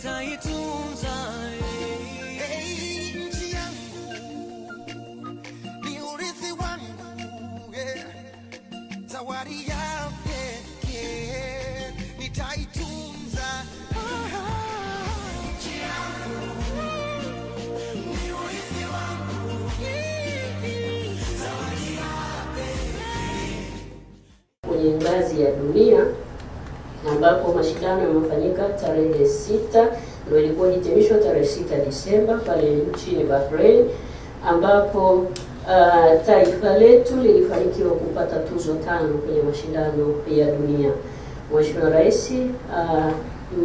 nitaitunza kwenye ngazi ya dunia ambapo mashindano yamefanyika tarehe sita ndio ilikuwa hitimisho tarehe sita Desemba pale nchini Bahrain, ambapo uh, taifa letu lilifanikiwa kupata tuzo tano kwenye mashindano ya dunia. Mheshimiwa Rais, uh,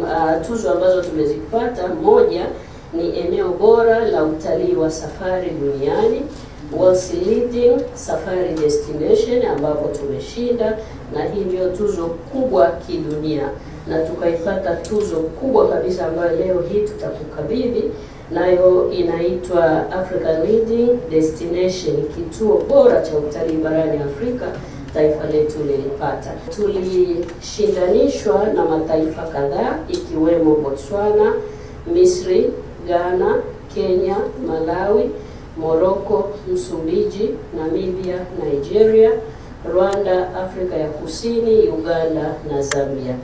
uh, tuzo ambazo tumezipata, moja ni eneo bora la utalii wa safari duniani World's Leading Safari Destination ambapo tumeshinda, na hii ndio tuzo kubwa kidunia, na tukaipata tuzo kubwa kabisa ambayo leo hii tutakukabidhi, nayo inaitwa Africa Leading Destination, kituo bora cha utalii barani Afrika. Taifa letu lilipata, tulishindanishwa na mataifa kadhaa ikiwemo Botswana, Misri, Ghana, Kenya, Malawi Morocco, Msumbiji, Namibia, Nigeria, Rwanda, Afrika ya Kusini, Uganda na Zambia.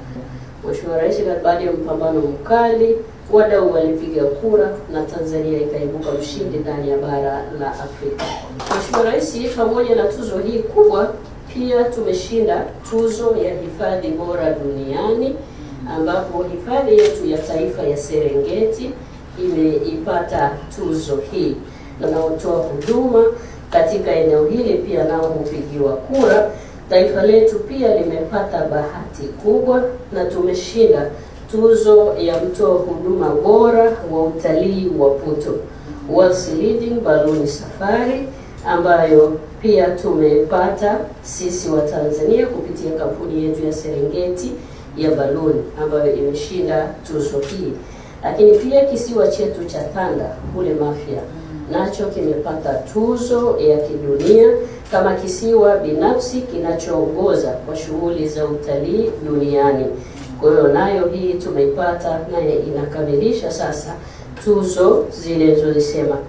Mheshimiwa Rais, baada ya mpambano mkali, wadau walipiga kura na Tanzania ikaibuka mshindi ndani ya bara la Afrika. Mheshimiwa Rais, pamoja na tuzo hii kubwa, pia tumeshinda tuzo ya hifadhi bora duniani ambapo hifadhi yetu ya taifa ya Serengeti imeipata tuzo hii wanaotoa huduma katika eneo hili pia nao hupigiwa kura. Taifa letu pia limepata bahati kubwa na tumeshinda tuzo ya mtoa huduma bora wa utalii wa Puto, World's Leading Balloon Safari, ambayo pia tumepata sisi wa Tanzania kupitia kampuni yetu ya Serengeti ya Balloon ambayo imeshinda tuzo hii, lakini pia kisiwa chetu cha Tanda kule Mafia nacho kimepata tuzo ya kidunia kama kisiwa binafsi kinachoongoza kwa shughuli za utalii duniani. Kwa hiyo nayo hii tumeipata, naye inakamilisha sasa tuzo zile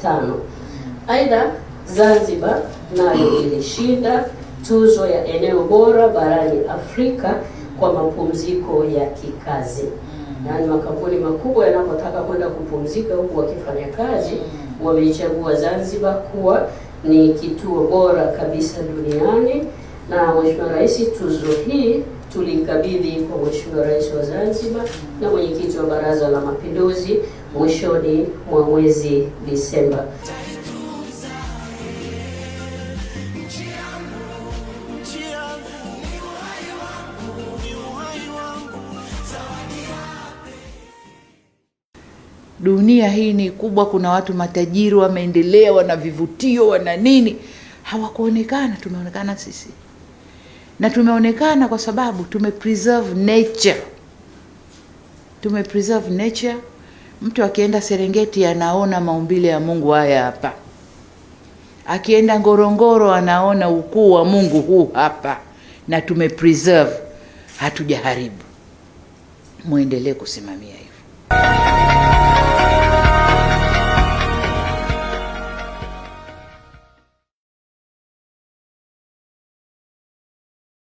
tano. Aidha, Zanzibar nayo ilishinda tuzo ya eneo bora barani Afrika kwa mapumziko ya kikazi yaani makampuni makubwa yanapotaka kwenda kupumzika huku wakifanya kazi, wameichagua Zanzibar kuwa ni kituo bora kabisa duniani, na Mheshimiwa Rais tuzo hii tulikabidhi kwa Mheshimiwa Rais wa Zanzibar na mwenyekiti wa Baraza la Mapinduzi mwishoni mwa mwezi Disemba. dunia hii ni kubwa, kuna watu matajiri wameendelea, wana vivutio, wana nini, hawakuonekana. Tumeonekana sisi, na tumeonekana kwa sababu tume preserve nature, tume preserve nature. Mtu akienda Serengeti anaona maumbile ya Mungu haya hapa, akienda Ngorongoro anaona ukuu wa Mungu huu hapa, na tume preserve, hatujaharibu. Muendelee kusimamia hiyo.